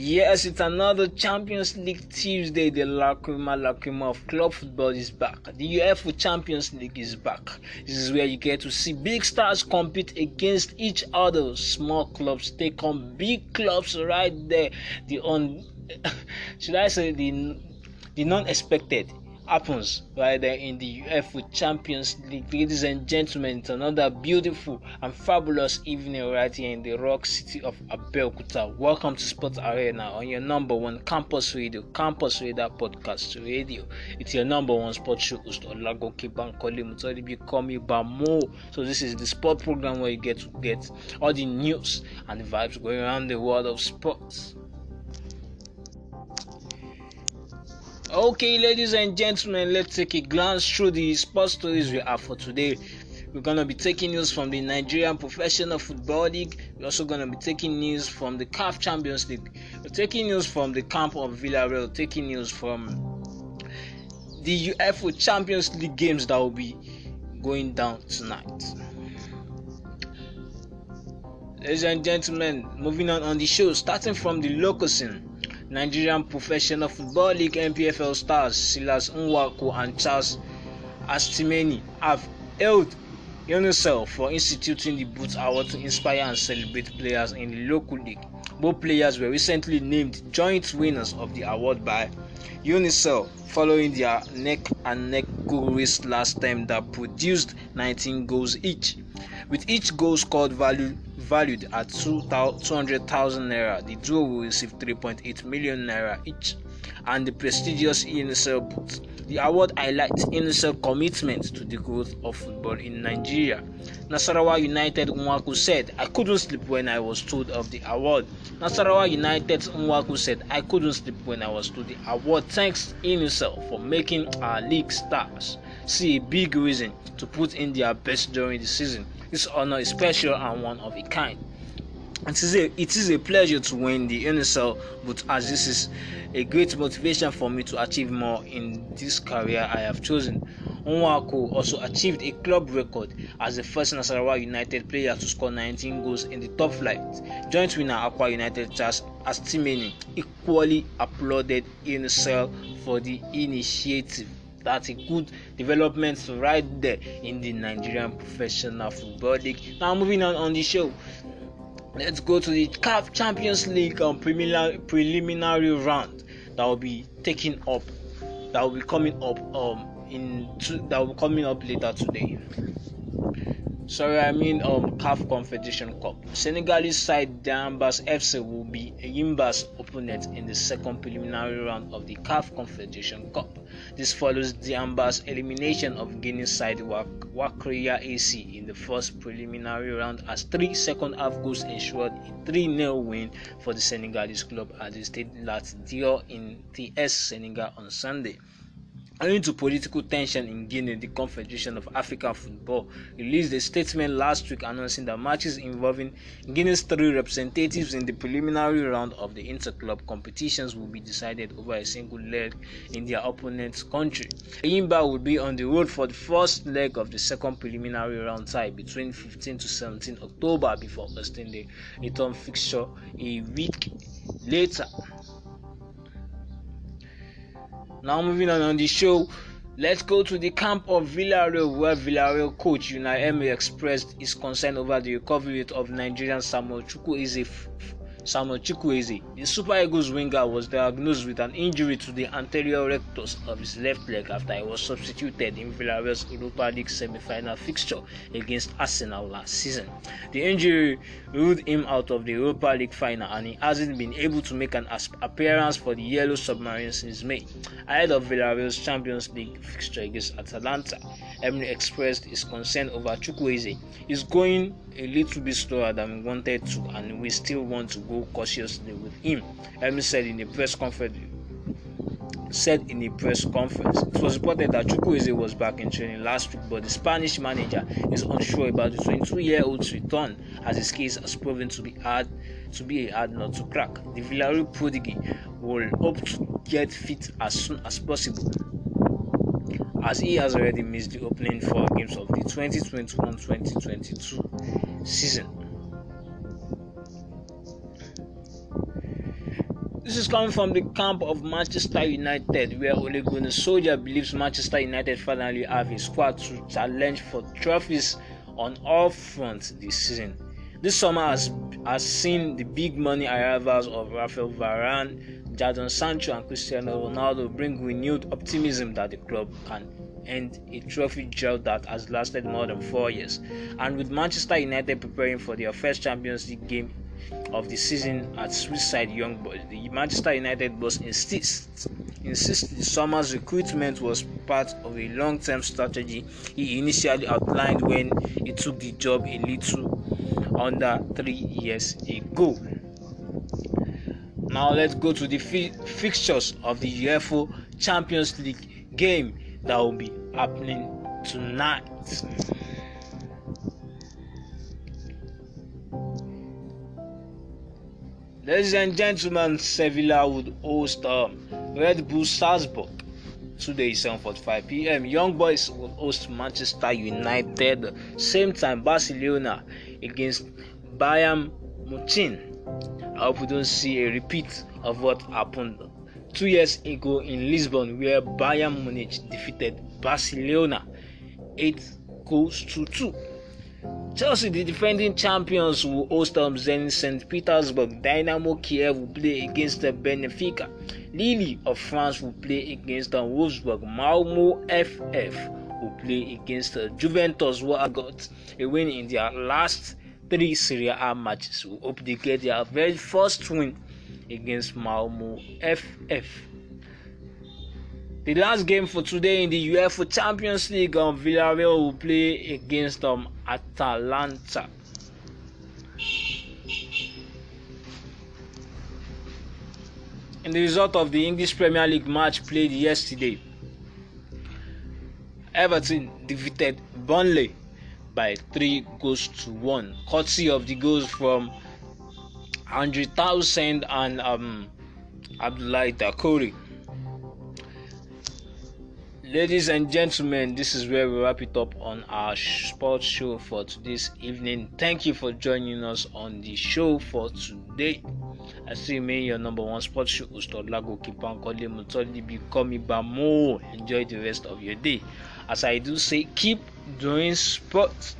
Yes, it's another Champions League Tuesday. The lacrima lacrima of club football is back. The UEFA Champions League is back. This is where you get to see big stars compete against each other. Small clubs take on big clubs right there. The on should I say the the non-expected happens right there in the UEFA Champions League. Ladies and gentlemen, it's another beautiful and fabulous evening right here in the rock city of Abeokuta. Welcome to Sports Arena on your number one campus radio, Campus Radar Podcast Radio. It's your number one sports show host, Olago Kibankoli Mutolibi Komi Bamo. So this is the sport program where you get to get all the news and the vibes going around the world of sports. Okay, ladies and gentlemen, let's take a glance through the sports stories we have for today. We're gonna be taking news from the Nigerian Professional Football League. We're also gonna be taking news from the CAF Champions League. We're taking news from the camp of Villarreal. Taking news from the UEFA Champions League games that will be going down tonight. Ladies and gentlemen, moving on on the show, starting from the local scene. Nigerian Professional Football League NPFL stars Silas Nwaku and Charles Astimeni have held UNICEF for instituting the Boots Award to inspire and celebrate players in the local league. Both players were recently named joint winners of the award by UNICEF following their neck and neck goal race last time that produced 19 goals each, with each goal scored valued valued at 200,000 naira. The duo will receive 3.8 million naira each and the prestigious UNICEF booth. The award highlights UNICEF's commitment to the growth of football in Nigeria. Nasarawa United Nwaku said, I couldn't sleep when I was told of the award. Nasarawa United Nwaku said, I couldn't sleep when I was told the award. Thanks UNICEF for making our league stars see a big reason to put in their best during the season. This honor is special and one of a kind. It is a, it is a pleasure to win the NSL, but as this is a great motivation for me to achieve more in this career I have chosen. Onwako also achieved a club record as the first Nasarawa United player to score 19 goals in the top flight. Joint winner Aqua United Charles Astimeni equally applauded NSL for the initiative that's a good development right there in the Nigerian professional football league. Now moving on on the show. Let's go to the CAF Champions League um, preliminary, preliminary round that will be taking up, that will be coming up um in two, that will be coming up later today sorry I mean um CAF Confederation Cup. Senegalese side Diambas FC will be Yimba's opponent in the second preliminary round of the CAF Confederation Cup. This follows Diambas' elimination of Guinea side Wak- Wakria AC in the first preliminary round as three second half goals ensured a 3 0 win for the Senegalese club at the Stade Lat Dior in TS Senegal on Sunday. Owing to political tension in Guinea, the Confederation of African Football released a statement last week announcing that matches involving Guinea's three representatives in the preliminary round of the interclub competitions will be decided over a single leg in their opponent's country. Yimba will be on the road for the first leg of the second preliminary round tie between 15 to 17 October before hosting the return fixture a week later. Now moving on on the show, let's go to the camp of Villarreal, where Villarreal coach Unai Emery expressed his concern over the recovery rate of Nigerian Samuel Chukwu is Samuel Chukwueze, the Super Eagles winger, was diagnosed with an injury to the anterior rectus of his left leg after he was substituted in Villarreal's Europa League semi-final fixture against Arsenal last season. The injury ruled him out of the Europa League final and he hasn't been able to make an appearance for the Yellow Submarine since May, ahead of Villarreal's Champions League fixture against Atalanta. Emery expressed his concern over Chukwueze. He's going a little bit slower than we wanted to and we still want to go cautiously with him, Helmy said in a press conference. Said in a press conference, it was reported that Chukwueze was back in training last week, but the Spanish manager is unsure about the 22-year-old's return, as his case has proven to be hard to be a hard nut to crack. The Villarreal prodigy will hope to get fit as soon as possible as he has already missed the opening four games of the 2021-2022 season. This is coming from the camp of Manchester United, where Ole Gunnar Soldier believes Manchester United finally have a squad to challenge for trophies on all fronts this season. This summer has, has seen the big money arrivals of Rafael Varane, Jadon Sancho, and Cristiano Ronaldo bring renewed optimism that the club can end a trophy drought that has lasted more than four years. And with Manchester United preparing for their first Champions League game of the season at side Young Boys. The Manchester United boss insists insists the summer's recruitment was part of a long-term strategy he initially outlined when he took the job a little under three years ago. Now let's go to the fi- fixtures of the UEFA Champions League game that will be happening tonight. Ladies and gentlemen, Sevilla would host um, Red Bull Salzburg today 7:45 p.m. Young Boys will host Manchester United. Same time, Barcelona against Bayern Munich. I hope we don't see a repeat of what happened two years ago in Lisbon, where Bayern Munich defeated Barcelona eight goals to two. Chelsea, the defending champions, will host them. Um, Zenit St. Petersburg. Dynamo Kiev will play against the uh, Benfica. Lille of France will play against the um, Wolfsburg. Malmo FF will play against the uh, Juventus, who have got a win in their last three Serie A matches. We hope they get their very first win against Malmo FF. The last game for today in the UEFA Champions League, um, Villarreal will play against um, Atalanta. In the result of the English Premier League match played yesterday, Everton defeated Burnley by three goals to one, courtesy of the goals from Andrew Townsend and um, Abdullah Dakori. Ladies and gentlemen, this is where we wrap it up on our sports show for today's evening. Thank you for joining us on the show for today. I you may, your number one sports show host, Olago Kipankole Mutolibi Komibamo. Enjoy the rest of your day. As I do say, keep doing sports.